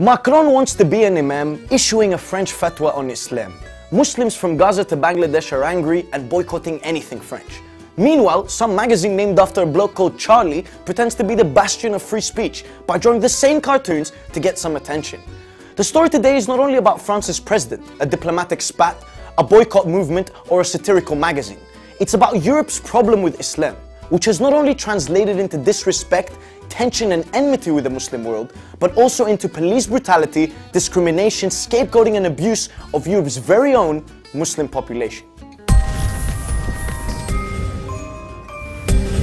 Macron wants to be an imam issuing a French fatwa on Islam. Muslims from Gaza to Bangladesh are angry and boycotting anything French. Meanwhile, some magazine named after a bloke called Charlie pretends to be the bastion of free speech by drawing the same cartoons to get some attention. The story today is not only about France's president, a diplomatic spat, a boycott movement, or a satirical magazine. It's about Europe's problem with Islam, which has not only translated into disrespect, tension and enmity with the Muslim world, but also into police brutality, discrimination, scapegoating and abuse of Europe's very own Muslim population.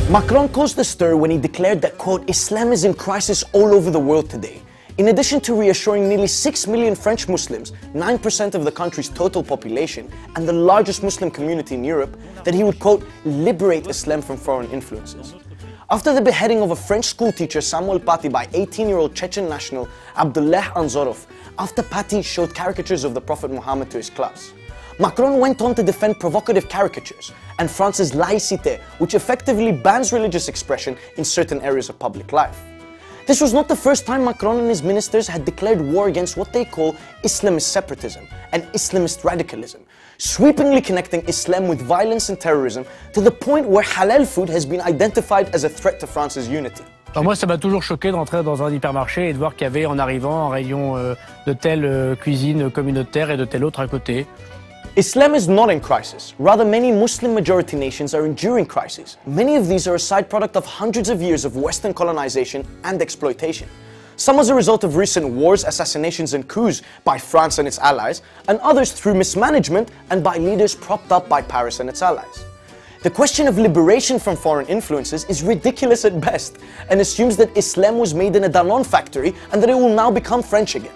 Macron caused a stir when he declared that, quote, Islam is in crisis all over the world today. In addition to reassuring nearly 6 million French Muslims, 9% of the country's total population, and the largest Muslim community in Europe, that he would, quote, liberate Islam from foreign influences. After the beheading of a French schoolteacher Samuel Paty by 18-year-old Chechen national Abdullah Anzorov, after Paty showed caricatures of the Prophet Muhammad to his class. Macron went on to defend provocative caricatures and France's laïcité, which effectively bans religious expression in certain areas of public life. This was not the first time Macron and his ministers had declared war against what they call Islamist separatism and Islamist radicalism, sweepingly connecting Islam with violence and terrorism to the point where halal food has been identified as a threat to France's unity. Alors moi, ça m'a toujours choqué d'entrer dans un hypermarché et de voir qu'il y avait en arrivant un rayon euh, de telle euh, cuisine communautaire et de telle autre à côté. Islam is not in crisis. Rather, many Muslim-majority nations are enduring crises. Many of these are a side product of hundreds of years of Western colonization and exploitation. Some as a result of recent wars, assassinations and coups by France and its allies, and others through mismanagement and by leaders propped up by Paris and its allies. The question of liberation from foreign influences is ridiculous at best, and assumes that Islam was made in a Danone factory and that it will now become French again.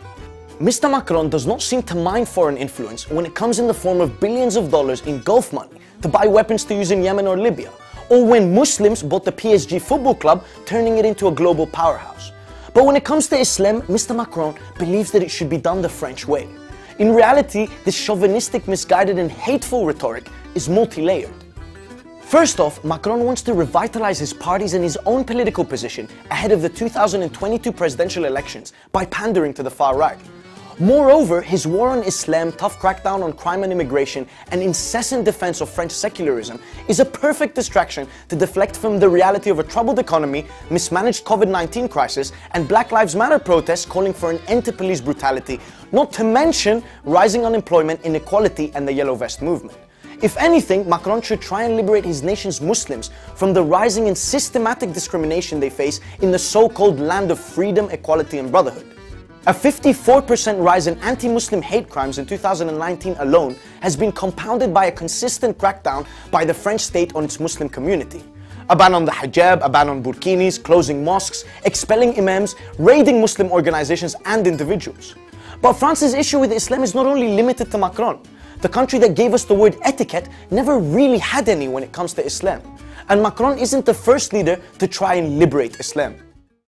Mr. Macron does not seem to mind foreign influence when it comes in the form of billions of dollars in Gulf money to buy weapons to use in Yemen or Libya, or when Muslims bought the PSG football club, turning it into a global powerhouse. But when it comes to Islam, Mr. Macron believes that it should be done the French way. In reality, this chauvinistic, misguided, and hateful rhetoric is multi layered. First off, Macron wants to revitalize his parties and his own political position ahead of the 2022 presidential elections by pandering to the far right. Moreover, his war on Islam, tough crackdown on crime and immigration, and incessant defense of French secularism is a perfect distraction to deflect from the reality of a troubled economy, mismanaged COVID-19 crisis, and Black Lives Matter protests calling for an end to police brutality, not to mention rising unemployment, inequality, and the Yellow Vest movement. If anything, Macron should try and liberate his nation's Muslims from the rising and systematic discrimination they face in the so-called land of freedom, equality and brotherhood. A 54% rise in anti-Muslim hate crimes in 2019 alone has been compounded by a consistent crackdown by the French state on its Muslim community. A ban on the hijab, a ban on burkinis, closing mosques, expelling imams, raiding Muslim organizations and individuals. But France's issue with Islam is not only limited to Macron. The country that gave us the word etiquette never really had any when it comes to Islam. And Macron isn't the first leader to try and liberate Islam.